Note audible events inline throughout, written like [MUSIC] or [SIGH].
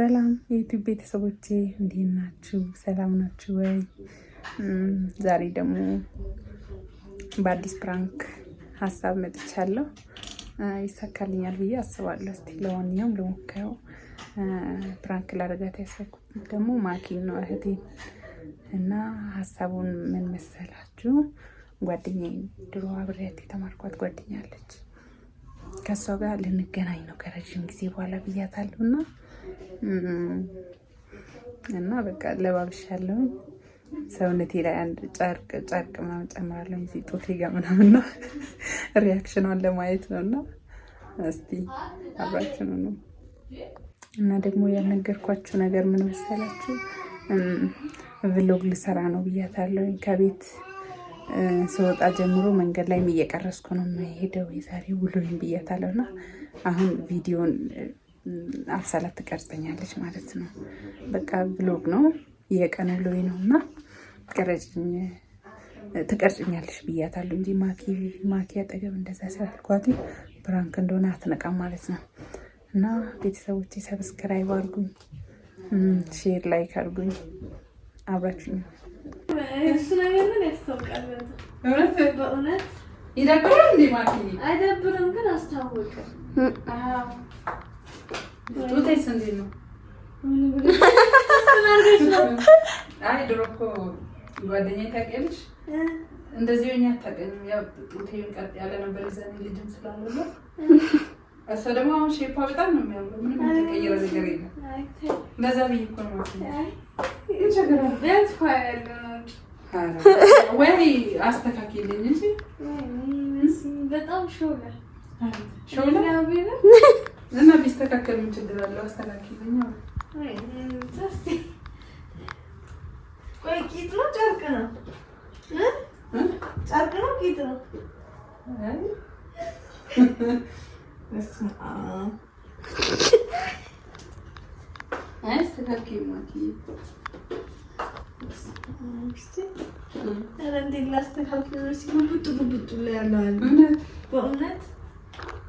ሰላም የዩቲዩብ ቤተሰቦቼ እንዴት ናችሁ? ሰላም ናችሁ ወይ? ዛሬ ደግሞ በአዲስ ፕራንክ ሀሳብ መጥቻለሁ። ይሳካልኛል ብዬ አስባለሁ። እስቲ ለማንኛውም ለሞካየው ፕራንክ ላደርጋት ያሰብኩት ደግሞ ማኪን ነው እህቴ እና ሀሳቡን ምን መሰላችሁ? ጓደኛዬ ድሮ አብሬያት የተማርኳት ጓደኛለች አለች። ከእሷ ጋር ልንገናኝ ነው ከረዥም ጊዜ በኋላ ብያታለሁ እና እና በቃ ለባብሻለሁ። ሰውነቴ ላይ አንድ ጨርቅ ጨርቅ ምናምን ጨምራለሁ። እዚህ ጦቴ ጋር ምናምን ነው [LAUGHS] ሪያክሽኗን ለማየት ነው። እና እስቲ አብራችን ነው። እና ደግሞ ያልነገርኳችሁ ነገር ምን መሰላችሁ? ቭሎግ ልሰራ ነው ብያታለሁ። ከቤት ስወጣ ጀምሮ መንገድ ላይም እየቀረስኩ ነው የምሄደው የዛሬ ውሎኝ ብያታለሁ። እና አሁን ቪዲዮን አብሳላት ትቀርጸኛለች ማለት ነው። በቃ ብሎግ ነው የቀን ብሎይ ነው እና ትቀረጭኝ ትቀርጭኛለች ብያታለሁ እንጂ ማኪ ማኪ አጠገብ እንደዛ ስላልኳት ብራንክ እንደሆነ አትነቃም ማለት ነው። እና ቤተሰቦች ሰብስክራይብ አርጉኝ፣ ሼር ላይክ አርጉኝ፣ አድርጉኝ፣ ማኪ አይደብርም ግን አስታወቅም። ጡቴስ እንዴት ነው? አይ ድሮ እኮ ጓደኛዬ ታውቂያለሽ፣ እንደዚህ ሆኜ አታውቅም። ያው ጡቴ ቀጥ ያለ ነበር የዛኔ ልጅም ስላልሆነ እሷ ደግሞ አሁን ሼፓ በጣም ነው የሚያምረው። ምንም የተቀየረ ነገር የለም። እንደዛ ብዬሽ እኮ ነው ወይ አስተካክልኝ እንጂ በጣም ሾላ ሾላ እና ቢስተካከል ምን ችግር አለው? አስተካክለኛ። ቆይ ቂጥ ነው ጨርቅ ነው ጨርቅ ነው ቂጥ ነው። ኧረ እንዴት ላስተካክል? ሲሆን ብጡ ብጡ ላይ ያለዋል በእውነት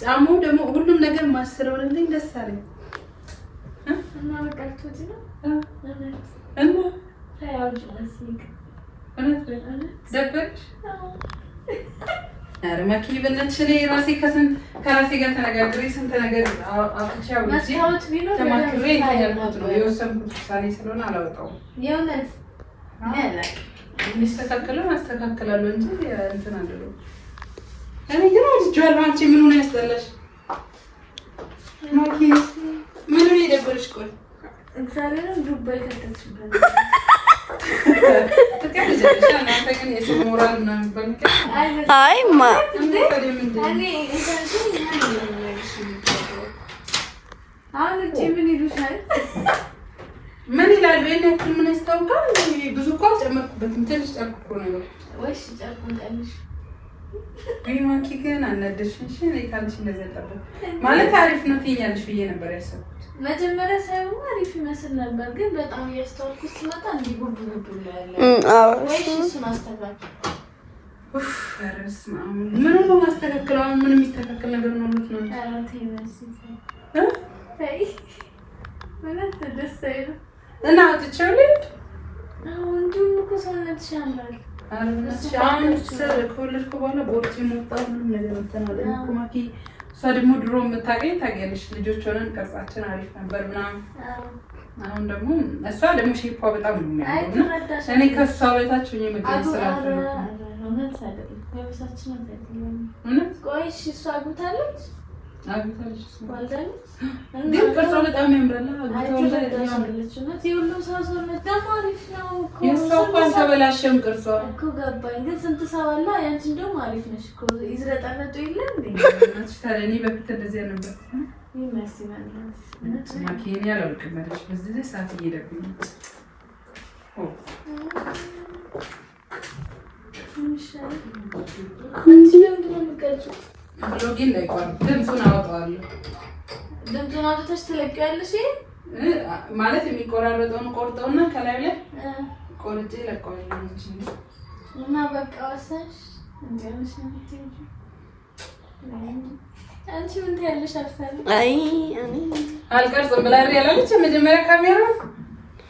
ጫማው ደግሞ ሁሉም ነገር ማች ስለሆነልኝ ደስ አለኝ። ኧረ መኪ በለች እኔ ራሴ ከስንት ከራሴ ጋር ተነጋግሬ ስንት ነገር አውጥቼ ተማክሬ ያልኩት ነው የወሰንኩት ውሳኔ ስለሆነ አላወጣውም። የሚስተካከለውን አስተካክላለሁ እንጂ እንትን አይደለም። እኔ ግን ወድጄዋለሁ። አንቺ ምን ሆነ ያስጠላሽ? ምን ሆነ የደበረሽ? ቆይ እግዚአብሔርን ዱባይ ከተችበት ምን ይላሉ? ይሄን ያክል ምን ያስታውቃል? ብዙ እኮ አልጨመርኩበትም። ትንሽ ጨርቁ እኮ ነው። ማንኪ ግን አናደድሽኝ። እኔ ካልሽ ማለት አሪፍ ነው ትይኛለሽ ብዬ ነበር ያሰብኩት። መጀመሪያ ሳይሆን አሪፍ ይመስል ነበር፣ ግን በጣም እያስተዋልኩት ስመጣ እንዲህ ጉብ ጉብ ያለ ወይ እሱን አስተካክል። ኧረ ምን ሆኖ ማስተካከል? አሁን ምን የሚስተካከል ነገር ነው ሉት ነው እና አውጥቼው ልሂድ። ወንድም እኮ ሰውነትሽ ያምራል ከወለድኩ በኋላ ቦርጭ መውጣት ምንም ነገር እንትን ኩማኪ እሷ ደግሞ ድሮ የምታገኝ ታገኝሽ ልጆች ሆነን ቅርጻችን አሪፍ ነበር ምናምን። አሁን ደግሞ እሷ ደግሞ ሼፓ በጣም ነው የሚያምረው። እኔ ከእሷ በታች ሆኜ መገኘት ስራት ነው እውነት። ቆይ እሷ አግብታለች ግን ቅርጿ በጣም ያምራል። የእሷ እኮ አልተበላሸም ግን ስንት ሰው አለ። ያንቺ እንደውም አሪፍ ነሽ እኮ ይዝረጠረጡ የለም እኔ በፊት እንደዚያ ነበር። ማኪያ አላውቅም በዚህ ላይ ሰዓት እየሄደብኝ ነው ብሎጌን ለቋል። ድምፁን አወጣዋለሁ። ድምፁን አውጥተሽ ትለቂያለሽ። ማለት የሚቆራረጠውን ቆርጠውና ከላይ ላይ ቆርጬ ለቀዋለሁ እና በቃ ወሰንሽ። አንቺ ምን ትያለሽ? አልቀርጽም ብላ ያላለች መጀመሪያ ካሜራ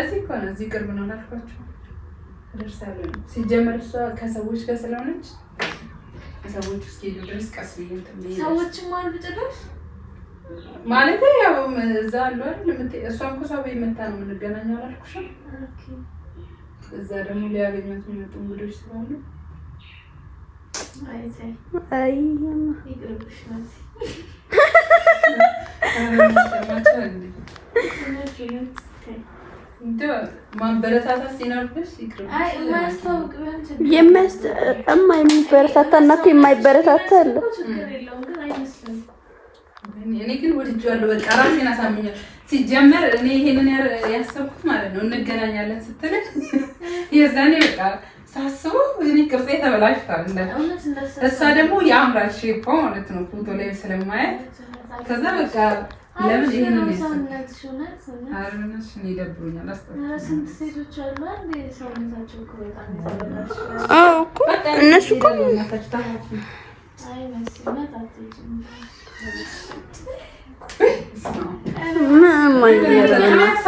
እዚህ እኮ ነው፣ እዚህ ቅርብ ነው ላልኳቸው ደርሳለን። ሲጀመር እሷ ከሰዎች ጋር ስለሆነች ሰዎች እስኪሄዱ ድረስ ቀስ ብዬ ሰዎችም አሉ ማለት ያው እዛ አሉ አይደል? እሷ እኮ ሰው የመታ ነው የምንገናኘው አላልኩሽም? እዛ ደግሞ ሊያገኛት የሚመጡ እንግዶች ስለሆኑ የሚበረታታ እና እኮ የማይበረታታ አለ። እኔ ግን ወድጄዋለሁ። በቃ ራሴን አሳምኛለሁ። ሲጀመር እኔ ይሄንን ያሰብኩት ማለት ነው እንገናኛለን ስትልህ [LAUGHS] የዛኔ በቃ ሳስቡ እኔ ቅርጼ ተበላሽቷል። እሷ ደግሞ የአምራች ሼፖ ማለት ነው ፎቶ ላይ ስለማየት ከዛ በቃ ለምን ይሄን ነው ሰውነት ሴቶች አሉ እኮ እነሱ እኮ ምንም አይነት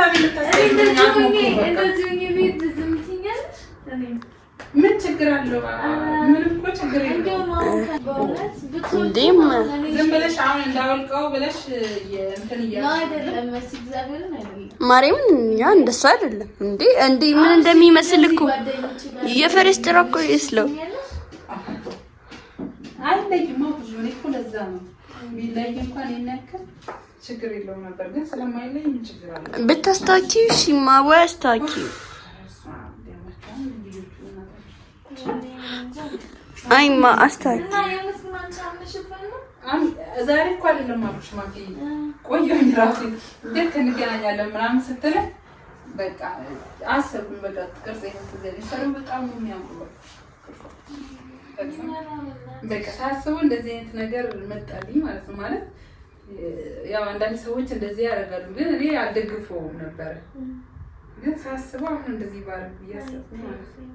ምን ችግር አለው? እኮ ችግር የለውም። ዝም ብለሽ አሁን እንዳወልቀው ብለሽ ማርያምን እኛ እንደሱ አይደለም እንዴ! እንዴ ምን እንደሚመስል እኮ የፈረስ ጭራ እኮ ይስለው አይለይማ። ብዙ እኔ እኮ ለዛ ነው ቢለይ እንኳን ችግር የለውም ነበር፣ ግን ምን ችግር ብታስታኪው አስታኪው አይማ አስታይ ዛሬ እኮ አይደለም አልኩሽ ማክዬ ቆየሁኝ እራሴ እንዴት እንገናኛለን ምናምን ስትል በቃ አሰብኩኝ በቃ ቅርጽ በጣም በቃ ሳስበው እንደዚህ አይነት ነገር መጣልኝ ማለት ነው ማለት ያው አንዳንድ ሰዎች እንደዚህ ያደርጋሉ ግን እኔ አልደግፈውም ነበረ ግን ሳስበው አሁን እንደዚህ ባረግ ማለት ነው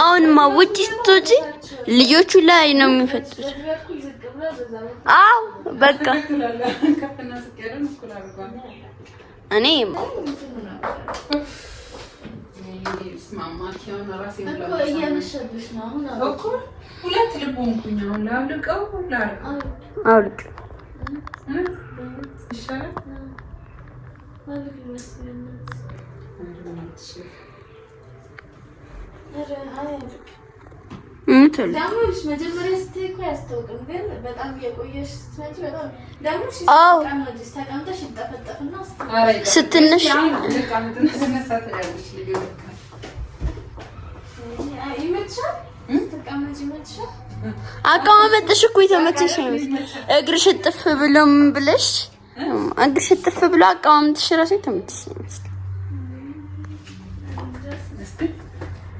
አሁንማ ውጭ ስትወጪ ልጆቹ ላይ ነው የሚፈጥሩት። አዎ በቃ እኔ አውልቅ ስትነሽ አቀማመጥሽ እኮ የተመቸሽ እግርሽ እጥፍ ብሎ ምን ብለሽ እግርሽ እጥፍ ብሎ አቀማመጥሽ እራሱ የተመቸሽ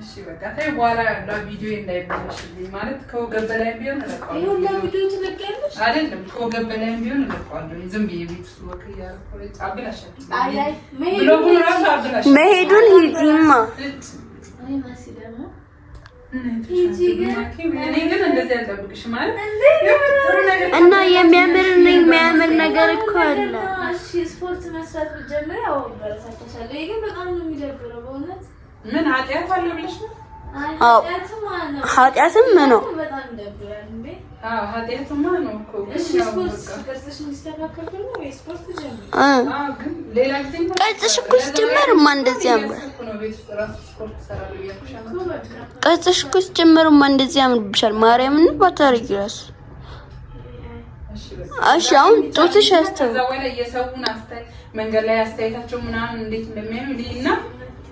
እሺ በቃ ተይ፣ በኋላ ያለው ቪዲዮ ማለት ከወገብ በላይ ቢሆን አይደለም? ከወገብ በላይ ቢሆን እለቀዋለሁ። ዝም ብዬ ቤት ውስጥ ወክ እያደረኩ መሄዱን ሂጂማ። እና የሚያምር የሚያምር ነገር እኮ አለ። ስፖርት መስራት ግን በጣም ነው የሚደብረው በእውነት ምን ኃጢአት አለ ኃጢአትም ነው። ቅርጽሽ እኮ ሲጀመርማ እንደዚህ ያምራል። ቅርጽሽ እኮ ሲጀመርማ እንደዚህ ያምርብሻል። ማርያምን ባታረጊ እራሱ እሺ አሁን ጡትሽ መንገድ ላይ አስተያየታቸው ምናምን እንዴት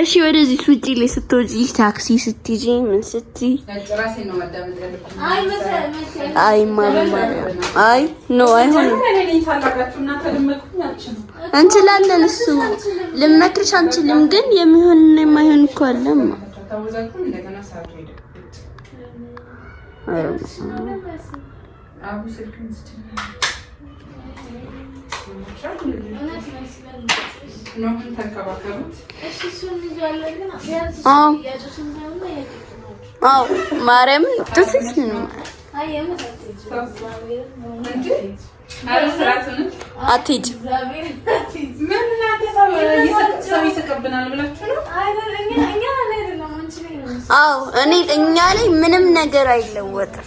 እሺ ወደዚህ ውጪ ላይ ስትወጪ ታክሲ ስትይጂ ምን ስትይ? አይ ማለማ አይ ኖ አይሆንም። እንችላለን፣ እሱ ልመክርሽ አንችልም፣ ግን የሚሆን የማይሆን እኮ አለማ አቡ ኖህን አዎ እኔ እኛ ላይ ምንም ነገር አይለወጥም።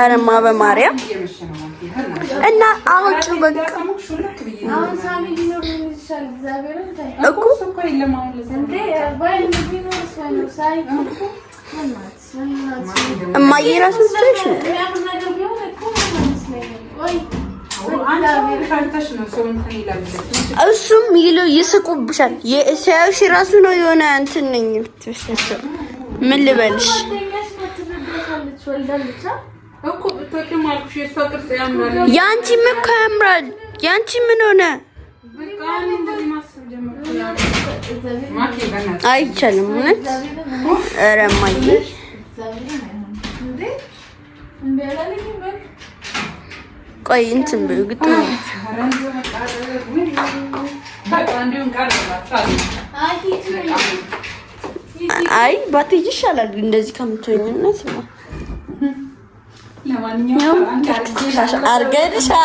አረማ በማርያም እና አውጭ በቃ እማዬ እራሱ እሱም ይለው ይስቁብሻል። የእሳያሽ ራሱ ነው የሆነ እንትን ነኝ ብትበሳቸው መለበልሽ ያንቺም እኮ ያምራል። ያንቺ ምን ሆነ? አይቻልም። እውነት ኧረ እማዬ ቆይ እንትን ብዩ ግጥ ነው አይ ባትይ ይሻላል እንደዚህ ከምትሆኝነት ነው። ለማንኛውም አርገንሻል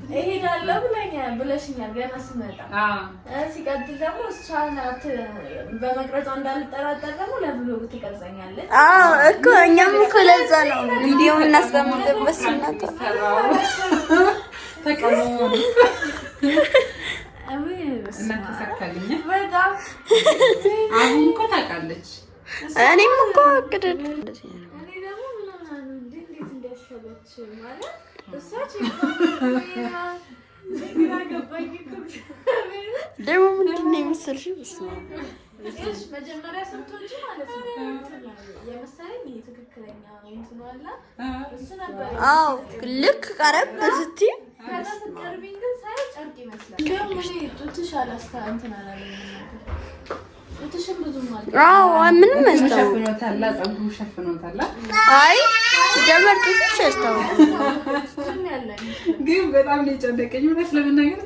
እሄዳለሁ ብለኛል ብለሽኛል፣ ገና ስመጣ። ሲቀጥል ደግሞ እሷን በመቅረጿ እንዳልጠራጠር ደግሞ ለብሎግ ትቀርጸኛለች እኮ። እኛም እኮ ለዛ ነው ቪዲዮ የምናስቀምጥበት በጣም አሁን እኮ ታውቃለች። እኔ ደግሞ ምናምን እንዴት እንደሰለች ማለት ደግሞ ምንድን ነው በስመ አብ መጀመሪያ ማለት ነው የመሰለኝ ትክክለኛ እንትኑ አለ እሱ ነበር። አዎ ልክ ቀረብ ስትይ ከዛ ስትቀርቢኝ ግን ሳይ ጨርቅ ይመስላል። ጡትሽ እንትን አላለኝም ነበር ምንም አይ ጀመር ጥፍሽ ያስተው ግን በጣም ነው የጨነቀኝ። እውነት ለመናገር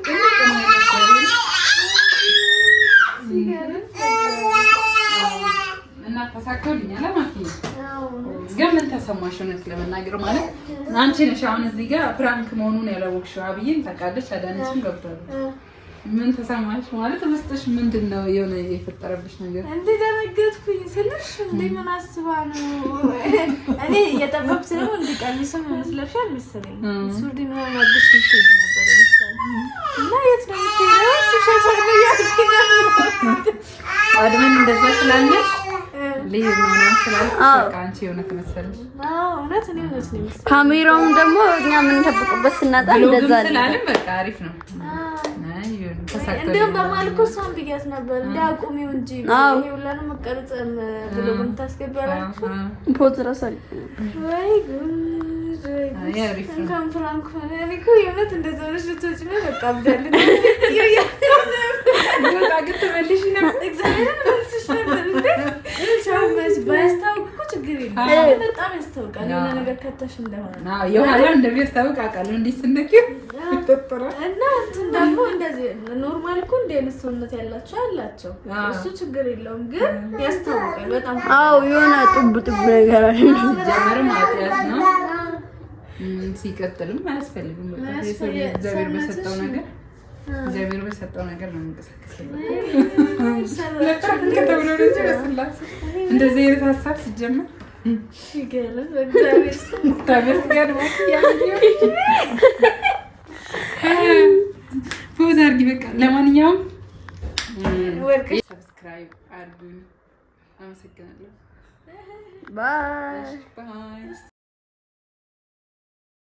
ግን ምን ተሰማሽ? እውነት ለመናገር ማለት አንቺ ነሽ አሁን እዚህ ጋር ፕራንክ መሆኑን ያላወቅሽው። አብዬን ታውቃለች፣ አዳነችም ገብቷል ምን ተሰማሽ ማለት ውስጥሽ ምንድን ነው የሆነ የፈጠረብሽ ነገር? እንደደነገጥኩኝ ስልሽ እንደ ምን አስባ ነው እኔ እየጠበብ ስለው እንዲቀንስም መስለሻል መሰለኝ ሱርድ ሚሆናብሽ ሚሄድ ነበር እና የት ነው ቀድመን እንደዛ ስላለሽ ካሜራውም ደግሞ እኛ የምንጠብቁበት ስናጣ እንደዛ ነው። አሪፍ ነው። እንደውም በመሀል እኮ እሷን ብያት ነበር እንዳያቁሚው እንጂ ሁላንም መቀርጸም ብሎ ምታስገበራችሁ ፖዝ ራሳ እንኳን ፍራንክ ሆነ እኮ የእውነት እንደዛ ሆነሽ ልትወጪ ነው። በቃ ብዳለን ግን ትመልሺ ነበር እግዚአብሔርን መልስሽ ነበር እንደ ሰው ባያስታውቅ ችግር የለም። በጣም ያስታውቃል። የሆነ ነገር ከተሽ እንደሆነ የኋላ እንደሚያስታውቅ አውቃለሁ። እንዲህ ስትነኪው እና እንትን ደግሞ እንደዚህ ኖርማል እኮ እንዲህ አይነት ሰውነት ያላቸው አላቸው። እሱ ችግር የለውም፣ ግን ያስታውቃል በጣም አዎ። የሆነ ጡብ ጡብ ነገር አለ። ጀመርም አጥያት ነው ሲቀጥልም አያስፈልግም። እግዚአብሔር በሰጠው ነገር እግዚአብሔር በሰጠው ነገር ነው የምንቀሳቀስ። እንደዚህ አይነት ሀሳብ ሲጀመር ቦዝ አድርጊ። በቃ ለማንኛውም ሰብስክራይብ አድርጉኝ። አመሰግናለሁ።